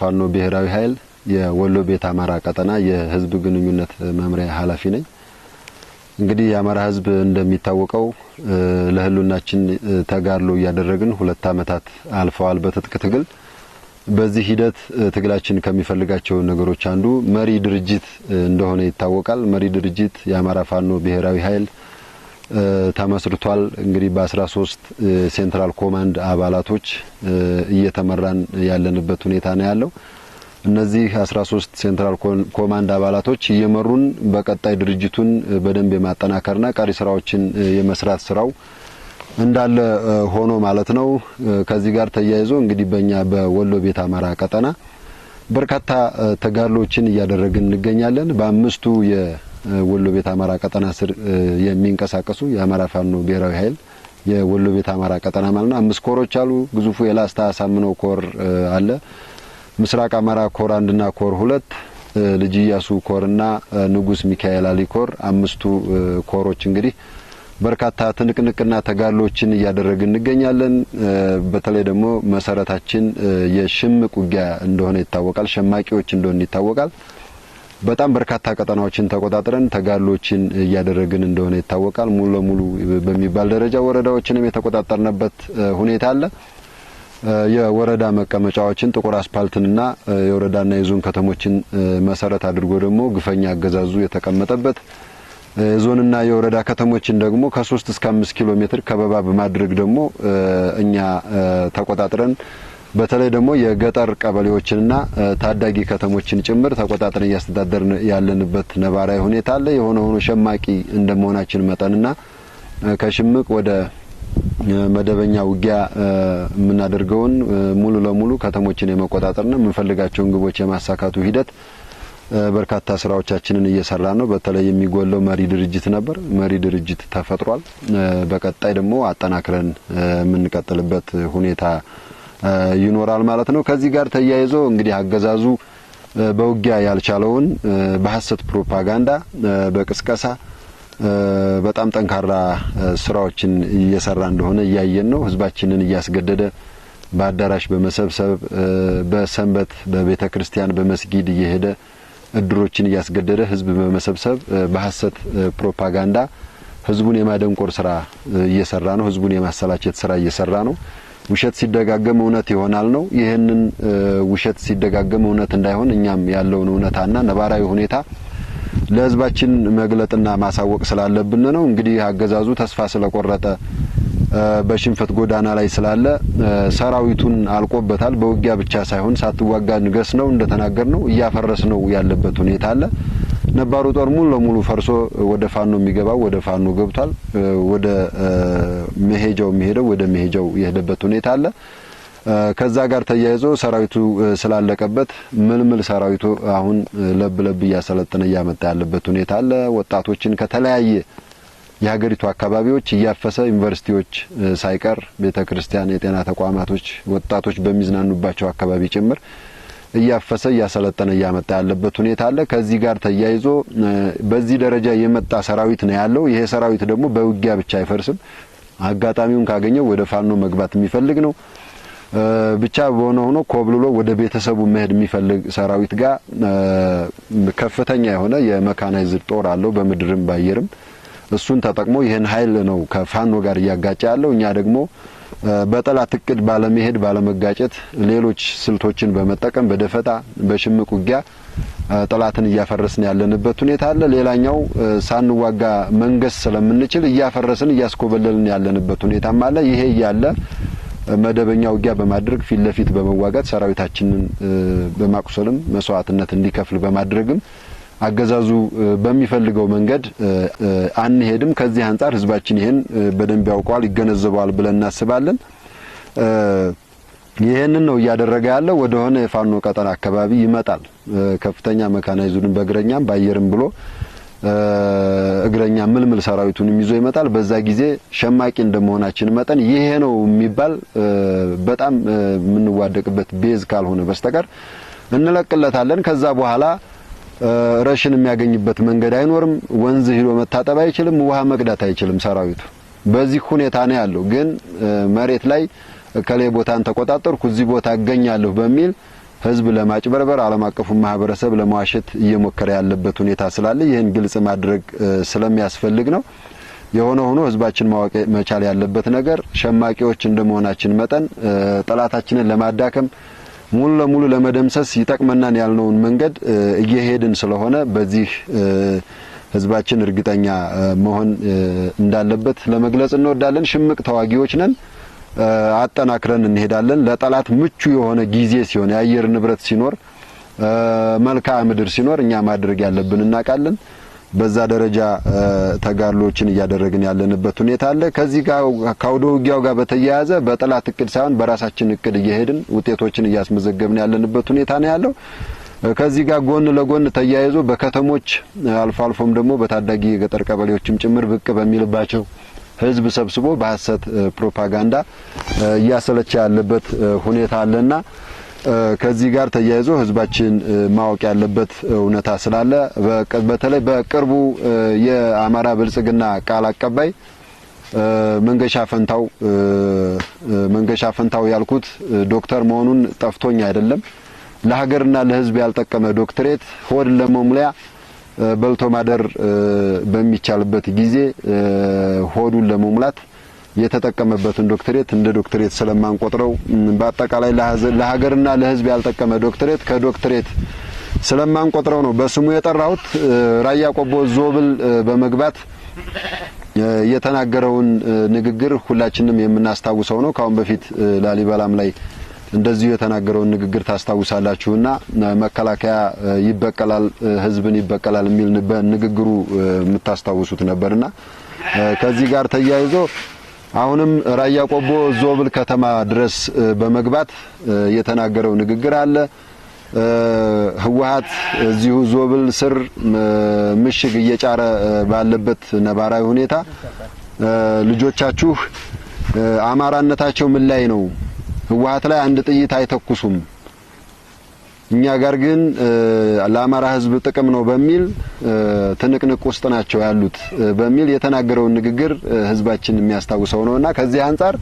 ፋኖ ብሔራዊ ኃይል የወሎ ቤት አማራ ቀጠና የህዝብ ግንኙነት መምሪያ ኃላፊ ነኝ። እንግዲህ የአማራ ህዝብ እንደሚታወቀው ለህሉናችን ተጋድሎ እያደረግን ሁለት ዓመታት አልፈዋል በትጥቅ ትግል። በዚህ ሂደት ትግላችን ከሚፈልጋቸው ነገሮች አንዱ መሪ ድርጅት እንደሆነ ይታወቃል። መሪ ድርጅት የአማራ ፋኖ ብሔራዊ ኃይል ተመስርቷል። እንግዲህ በ13 ሴንትራል ኮማንድ አባላቶች እየተመራን ያለንበት ሁኔታ ነው ያለው። እነዚህ 13 ሴንትራል ኮማንድ አባላቶች እየመሩን በቀጣይ ድርጅቱን በደንብ የማጠናከርና ቀሪ ስራዎችን የመስራት ስራው እንዳለ ሆኖ ማለት ነው። ከዚህ ጋር ተያይዞ እንግዲህ በእኛ በወሎ ቤት አማራ ቀጠና በርካታ ተጋድሎችን እያደረግን እንገኛለን። በአምስቱ የ ወሎ ቤት አማራ ቀጠና ስር የሚንቀሳቀሱ የአማራ ፋኖ ብሔራዊ ኃይል የወሎ ቤት አማራ ቀጠና ማለት ነው። አምስት ኮሮች አሉ። ግዙፉ የላስታ አሳምነው ኮር አለ። ምስራቅ አማራ ኮር አንድና ኮር ሁለት ልጅ ኢያሱ ኮርና ንጉስ ሚካኤል አሊ ኮር አምስቱ ኮሮች እንግዲህ በርካታ ትንቅንቅና ተጋድሎችን እያደረግ እንገኛለን። በተለይ ደግሞ መሰረታችን የሽምቅ ውጊያ እንደሆነ ይታወቃል። ሸማቂዎች እንደሆነ ይታወቃል። በጣም በርካታ ቀጠናዎችን ተቆጣጥረን ተጋድሎችን እያደረግን እንደሆነ ይታወቃል። ሙሉ ለሙሉ በሚባል ደረጃ ወረዳዎችንም የተቆጣጠርንበት ሁኔታ አለ። የወረዳ መቀመጫዎችን ጥቁር አስፓልትንና የወረዳና የዞን ከተሞችን መሰረት አድርጎ ደግሞ ግፈኛ አገዛዙ የተቀመጠበት የዞንና የወረዳ ከተሞችን ደግሞ ከሶስት እስከ አምስት ኪሎ ሜትር ከበባ በማድረግ ደግሞ እኛ ተቆጣጥረን በተለይ ደግሞ የገጠር ቀበሌዎችንና ታዳጊ ከተሞችን ጭምር ተቆጣጥረን እያስተዳደርን ያለንበት ነባራዊ ሁኔታ አለ። የሆነ ሆኖ ሸማቂ እንደመሆናችን መጠንና ከሽምቅ ወደ መደበኛ ውጊያ የምናደርገውን ሙሉ ለሙሉ ከተሞችን የመቆጣጠርና የምንፈልጋቸውን ግቦች የማሳካቱ ሂደት በርካታ ስራዎቻችንን እየሰራ ነው። በተለይ የሚጎለው መሪ ድርጅት ነበር። መሪ ድርጅት ተፈጥሯል። በቀጣይ ደግሞ አጠናክረን የምንቀጥልበት ሁኔታ ይኖራል ማለት ነው። ከዚህ ጋር ተያይዞ እንግዲህ አገዛዙ በውጊያ ያልቻለውን በሐሰት ፕሮፓጋንዳ፣ በቅስቀሳ በጣም ጠንካራ ስራዎችን እየሰራ እንደሆነ እያየን ነው። ህዝባችንን እያስገደደ በአዳራሽ በመሰብሰብ በሰንበት በቤተ ክርስቲያን በመስጊድ እየሄደ እድሮችን እያስገደደ ህዝብ በመሰብሰብ በሐሰት ፕሮፓጋንዳ ህዝቡን የማደንቆር ስራ እየሰራ ነው። ህዝቡን የማሰላቸት ስራ እየሰራ ነው። ውሸት ሲደጋገም እውነት ይሆናል ነው። ይህንን ውሸት ሲደጋገም እውነት እንዳይሆን እኛም ያለውን እውነታና ነባራዊ ሁኔታ ለህዝባችን መግለጥና ማሳወቅ ስላለብን ነው። እንግዲህ አገዛዙ ተስፋ ስለቆረጠ በሽንፈት ጎዳና ላይ ስላለ ሰራዊቱን አልቆበታል። በውጊያ ብቻ ሳይሆን ሳትዋጋ ንገስ ነው እንደተናገር ነው እያፈረስ ነው ያለበት ሁኔታ አለ። ነባሩ ጦር ሙሉ ለሙሉ ፈርሶ ወደ ፋኖ የሚገባው ወደ ፋኖ ገብቷል። ወደ መሄጃው የሚሄደው ወደ መሄጃው የሄደበት ሁኔታ አለ። ከዛ ጋር ተያይዞ ሰራዊቱ ስላለቀበት ምልምል ሰራዊቱ አሁን ለብ ለብ እያሰለጠነ እያመጣ ያለበት ሁኔታ አለ። ወጣቶችን ከተለያየ የሀገሪቱ አካባቢዎች እያፈሰ ዩኒቨርሲቲዎች ሳይቀር ቤተ ክርስቲያን፣ የጤና ተቋማቶች ወጣቶች በሚዝናኑባቸው አካባቢ ጭምር እያፈሰ እያሰለጠነ እያመጣ ያለበት ሁኔታ አለ። ከዚህ ጋር ተያይዞ በዚህ ደረጃ የመጣ ሰራዊት ነው ያለው። ይሄ ሰራዊት ደግሞ በውጊያ ብቻ አይፈርስም። አጋጣሚውን ካገኘው ወደ ፋኖ መግባት የሚፈልግ ነው። ብቻ በሆነ ሆኖ ኮብልሎ ወደ ቤተሰቡ መሄድ የሚፈልግ ሰራዊት ጋር ከፍተኛ የሆነ የመካናይዝድ ጦር አለው በምድርም ባየርም። እሱን ተጠቅሞ ይህን ኃይል ነው ከፋኖ ጋር እያጋጨ ያለው። እኛ ደግሞ በጠላት እቅድ ባለመሄድ ባለመጋጨት፣ ሌሎች ስልቶችን በመጠቀም በደፈጣ በሽምቅ ውጊያ ጠላትን እያፈረስን ያለንበት ሁኔታ አለ። ሌላኛው ሳንዋጋ መንገስ ስለምንችል እያፈረስን እያስኮበለልን ያለንበት ሁኔታም አለ። ይሄ እያለ መደበኛ ውጊያ በማድረግ ፊት ለፊት በመዋጋት ሰራዊታችንን በማቁሰልም መስዋዕትነት እንዲከፍል በማድረግም አገዛዙ በሚፈልገው መንገድ አንሄድም። ከዚህ አንጻር ህዝባችን ይሄን በደንብ ያውቀዋል፣ ይገነዘበዋል ብለን እናስባለን። ይህንን ነው እያደረገ ያለው። ወደሆነ የፋኖ ቀጠና አካባቢ ይመጣል። ከፍተኛ መካናይዙን በእግረኛም በአየርም ብሎ እግረኛ ምልምል ሰራዊቱንም ይዞ ይመጣል። በዛ ጊዜ ሸማቂ እንደመሆናችን መጠን ይሄ ነው የሚባል በጣም የምንዋደቅበት ቤዝ ካልሆነ በስተቀር እንለቅለታለን። ከዛ በኋላ ረሽን የሚያገኝበት መንገድ አይኖርም። ወንዝ ሂዶ መታጠብ አይችልም። ውሃ መቅዳት አይችልም። ሰራዊቱ በዚህ ሁኔታ ነው ያለው። ግን መሬት ላይ ከሌ ቦታን ተቆጣጠርኩ እዚህ ቦታ እገኛለሁ በሚል ህዝብ ለማጭበርበር ዓለም አቀፉ ማህበረሰብ ለመዋሸት እየሞከረ ያለበት ሁኔታ ስላለ ይህን ግልጽ ማድረግ ስለሚያስፈልግ ነው። የሆነ ሆኖ ህዝባችን ማወቅ መቻል ያለበት ነገር ሸማቂዎች እንደመሆናችን መጠን ጠላታችንን ለማዳከም ሙሉ ለሙሉ ለመደምሰስ ይጠቅመናን ያልነውን መንገድ እየሄድን ስለሆነ በዚህ ህዝባችን እርግጠኛ መሆን እንዳለበት ለመግለጽ እንወዳለን። ሽምቅ ተዋጊዎች ነን፣ አጠናክረን እንሄዳለን። ለጠላት ምቹ የሆነ ጊዜ ሲሆን፣ የአየር ንብረት ሲኖር፣ መልክዓ ምድር ሲኖር እኛ ማድረግ ያለብን እናውቃለን። በዛ ደረጃ ተጋድሎችን እያደረግን ያለንበት ሁኔታ አለ። ከዚህ ጋር ከአውደ ውጊያው ጋር በተያያዘ በጠላት እቅድ ሳይሆን በራሳችን እቅድ እየሄድን ውጤቶችን እያስመዘገብን ያለንበት ሁኔታ ነው ያለው። ከዚህ ጋር ጎን ለጎን ተያይዞ በከተሞች አልፎ አልፎም ደግሞ በታዳጊ የገጠር ቀበሌዎችም ጭምር ብቅ በሚልባቸው ህዝብ ሰብስቦ በሀሰት ፕሮፓጋንዳ እያሰለቸ ያለበት ሁኔታ አለና ከዚህ ጋር ተያይዞ ህዝባችን ማወቅ ያለበት እውነታ ስላለ በተለይ በቅርቡ የአማራ ብልጽግና ቃል አቀባይ መንገሻ ፈንታው መንገሻ ፈንታው ያልኩት ዶክተር መሆኑን ጠፍቶኝ አይደለም። ለሀገርና ለህዝብ ያልጠቀመ ዶክትሬት ሆድ ለመሙሊያ በልቶ ማደር በሚቻልበት ጊዜ ሆዱን ለመሙላት የተጠቀመበትን ዶክትሬት እንደ ዶክትሬት ስለማንቆጥረው በአጠቃላይ ለሀገርና ለሕዝብ ያልጠቀመ ዶክትሬት ከዶክትሬት ስለማንቆጥረው ነው በስሙ የጠራሁት። ራያ ቆቦ ዞብል በመግባት የተናገረውን ንግግር ሁላችንም የምናስታውሰው ነው። ካሁን በፊት ላሊበላም ላይ እንደዚሁ የተናገረውን ንግግር ታስታውሳላችሁና መከላከያ ይበቀላል፣ ህዝብን ይበቀላል የሚል በንግግሩ የምታስታውሱት ነበርና ከዚህ ጋር ተያይዞ አሁንም ራያ ቆቦ ዞብል ከተማ ድረስ በመግባት የተናገረው ንግግር አለ። ህወሓት እዚሁ ዞብል ስር ምሽግ እየጫረ ባለበት ነባራዊ ሁኔታ ልጆቻችሁ አማራነታቸው ምን ላይ ነው? ህወሓት ላይ አንድ ጥይት አይተኩሱም እኛ ጋር ግን ለአማራ ህዝብ ጥቅም ነው በሚል ትንቅንቅ ውስጥ ናቸው ያሉት በሚል የተናገረውን ንግግር ህዝባችን የሚያስታውሰው እና ከዚህ አንጻር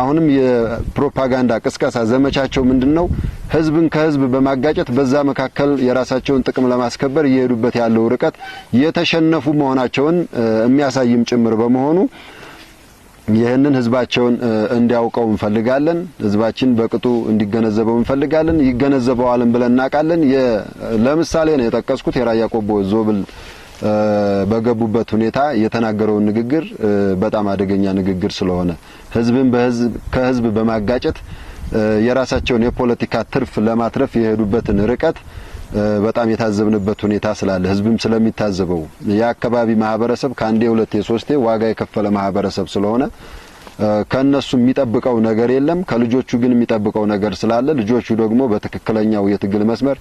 አሁንም የፕሮፓጋንዳ ቅስቀሳ ዘመቻቸው ምንድን ነው? ህዝብን ከህዝብ በማጋጨት በዛ መካከል የራሳቸውን ጥቅም ለማስከበር እየሄዱበት ያለው ርቀት የተሸነፉ መሆናቸውን የሚያሳይም ጭምር በመሆኑ ይህንን ህዝባቸውን እንዲያውቀው እንፈልጋለን። ህዝባችን በቅጡ እንዲገነዘበው እንፈልጋለን። ይገነዘበዋልን ብለን እናውቃለን። ለምሳሌ ነው የጠቀስኩት የራያ ቆቦ ዞብል በገቡበት ሁኔታ የተናገረውን ንግግር በጣም አደገኛ ንግግር ስለሆነ ህዝብን በህዝብ ከህዝብ በማጋጨት የራሳቸውን የፖለቲካ ትርፍ ለማትረፍ የሄዱበትን ርቀት በጣም የታዘብንበት ሁኔታ ስላለ ህዝብም ስለሚታዘበው የአካባቢ ማህበረሰብ ከአንዴ ሁለቴ ሶስቴ ዋጋ የከፈለ ማህበረሰብ ስለሆነ ከእነሱ የሚጠብቀው ነገር የለም። ከልጆቹ ግን የሚጠብቀው ነገር ስላለ ልጆቹ ደግሞ በትክክለኛው የትግል መስመር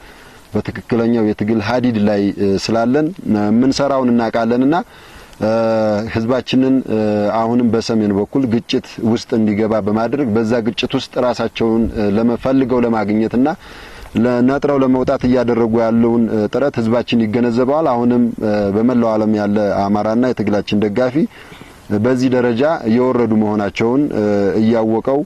በትክክለኛው የትግል ሀዲድ ላይ ስላለን የምንሰራውን እናውቃለንና ህዝባችንን አሁንም በሰሜን በኩል ግጭት ውስጥ እንዲገባ በማድረግ በዛ ግጭት ውስጥ ራሳቸውን ለመፈልገው ለማግኘትና ነጥረው ለመውጣት እያደረጉ ያለውን ጥረት ህዝባችን ይገነዘበዋል። አሁንም በመላው ዓለም ያለ አማራና የትግላችን ደጋፊ በዚህ ደረጃ እየወረዱ መሆናቸውን እያወቀው